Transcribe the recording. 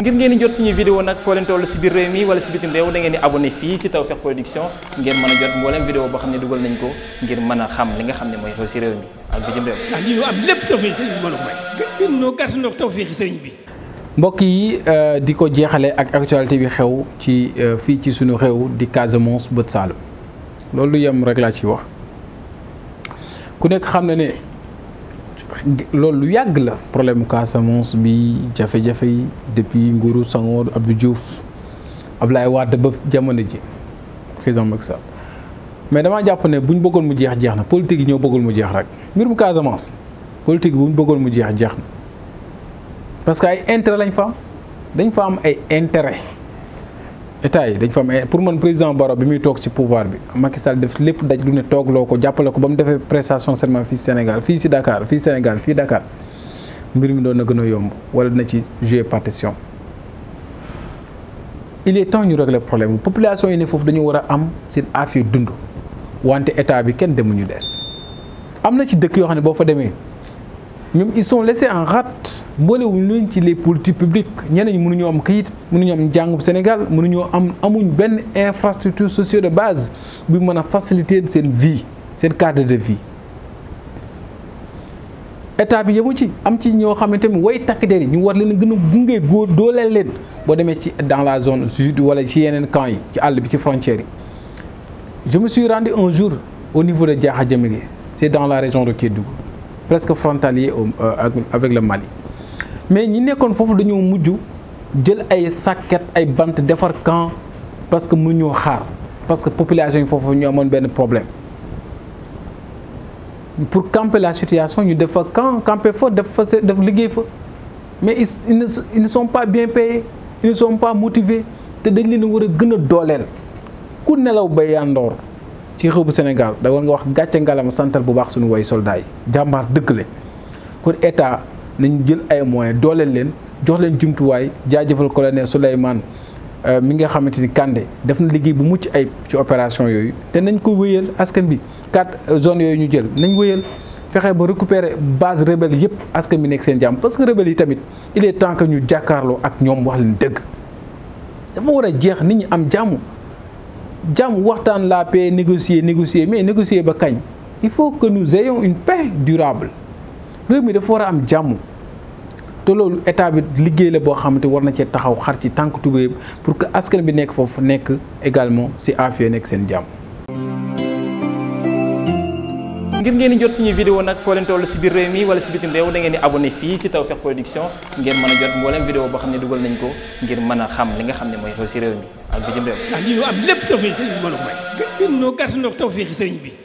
ngir ngeen jot suñu vidéo nag foo leen toll si biir réew mi wala si bitim réew da ngeen di abonné fii si Tawfekh Production ngeen mën a jot mboolem vidéo boo xam ne dugal nañ ko ngir mën a xam li nga xam ne mooy xew si réew mi ah, bi mën mbokk yi euh, di ko jeexale ak actualité bi xew ci euh, fii ci suñu xew di Casamance bët Saalum loolu yem rek laa ci wax ku nekk xam na ne loolu lu yàgg la problème mu Casamance bi jafe-jafe yi depuis nguuru Senghor Abdou Diouf Ablaye Wade ba jamono ji président Macky Sall mais damaa jàpp ne bu ñu bëggoon mu jeex jeex na politique yi ñoo bëggul mu jeex rek ngir mu Casamance politique bu ñu bëggoon mu jeex jeex na parce que ay intérêt lañ fa am dañ fa am ay intérêt état yi dañ fa am pour man président Barrow bi muy toog ci pouvoir bi Macky Sall def lépp daj lu ne toogloo ko jàppale ko ba mu defee prestation serment fii Sénégal fii si dakaar fii Sénégal fii Dakar mbir mi doon na gën a yomb wala dina ci jouer partition il est temps ñu régler problème population yi ne foofu dañu war a am seen affaire dund wante état bi kenn ñu des am na ci dëkk yoo xam ne boo fa demee. ñoom ils sont laissés en rade boolewuñu leen ci les politiques publiques ñeneen ñi mënuñoo am kayit mënuñoo am njàngum Sénégal mënuñoo am amuñ benn infrastructure sociale de base bi mën a faciliter seen vie seen cadre de vie. état bi yemu ci am ci ñoo xam ne tamit way takk der yi ñu war leen gën a gunge góor dooleel leen boo demee ci dans la zone sud wala ci yeneen camp yi ci àll bi ci frontière yi. je me suis un jour au niveau de jaaxa Djamilé c' est dans la région de Kédougou. presque frontalier euh, avec le Mali mais ñi nekkoon foofu dañoo mujj jël ay sàkket ay bant defar camp parce que mu ñoo xaar parce que population yi foofu ñu amoon benn problème pour camper la situation ñu def fa camp camper fa def fa def liggéey fa mais ils ne sont pas bien payés ils ne pas motivés te dañ leen war a gën a dooleel ku nelaw ba yandoor ci xew bu Sénégal da war nga wax gàcce ngalama santal bu baax suñu way soldats jàmbaar dëgg la kon état nañ jël ay moyens dooleel leen jox leen jumtuwaay jaajëfal colonel Souleymane euh, mi nga xamante ni Kandé def na liggéey bu mucc ayib ci opération yooyu te nañ ko wéyal askan bi quatre zone yooyu ñu jël nañ wéyal fexe ba récupérer base rebelle yëpp askan bi nekk seen jàmm parce que rebelle yi tamit il est temps ñu jàkkaarloo ak ñoom wax leen dëgg dafa war a jeex nit ñi am jàmm jàmm waxtaan la paix négocier négocier mais négocier ba kañ il faut que nous ayons une paix durable réew mi dafa war a am jàmm te loolu état bi liggéey la boo te war na cee taxaw xar ci tànk tubéeb pour que askan bi nekk foofu nekk également si affaire nekk seen jàmm. ngir ngeen di jot suñu vidéo nag foo leen toll si biir réew mi wala si bitim réew da ngeen di abonné fii si Tawfekh Production ngeen mën a jot mboolem vidéo boo xam ne dugal nañ ko a xam nga xam ne mooy xew si réew mi. ak bitim réew. am lépp tawfeex sëriñ bi mën a may. gën noo gàtt noo tawfeex sëriñ bi.